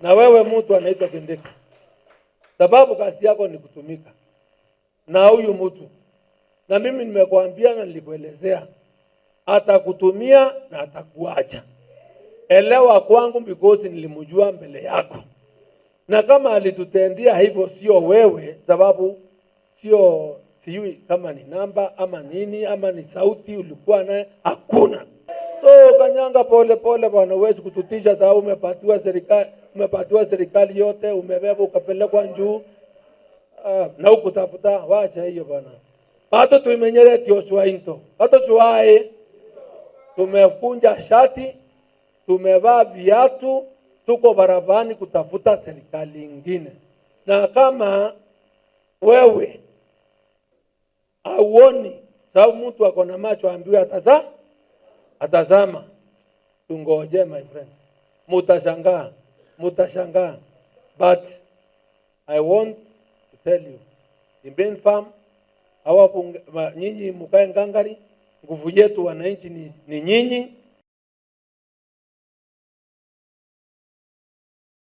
na wewe mtu anaitwa Tindika, sababu kazi yako ni kutumika na huyu mtu, na mimi nimekuambia na nilikuelezea, atakutumia na atakuacha. Elewa kwangu, because nilimjua mbele yako, na kama alitutendia hivyo, sio wewe, sababu sio sijui kama ni namba ama nini ama ni sauti ulikuwa naye, hakuna. So Kanyanga, pole pole bwana, huwezi kututisha sababu umepatiwa serikali umepatiwa serikali yote, umebeba ukapelekwa njuu uh, na ukutafuta. Wacha hiyo bwana, bado tuimenyere tiochwa into bado chuae, tumekunja shati, tumevaa viatu, tuko barabani kutafuta serikali ingine. Na kama wewe auoni sababu mtu ako na macho ambiwe atazama, atazama. Tungoje my friend, mutashangaa mutashangaa. But I want to tell you, Imbeni Farm hawa nyinyi mukae ngangari, nguvu yetu wananchi ni, ni nyinyi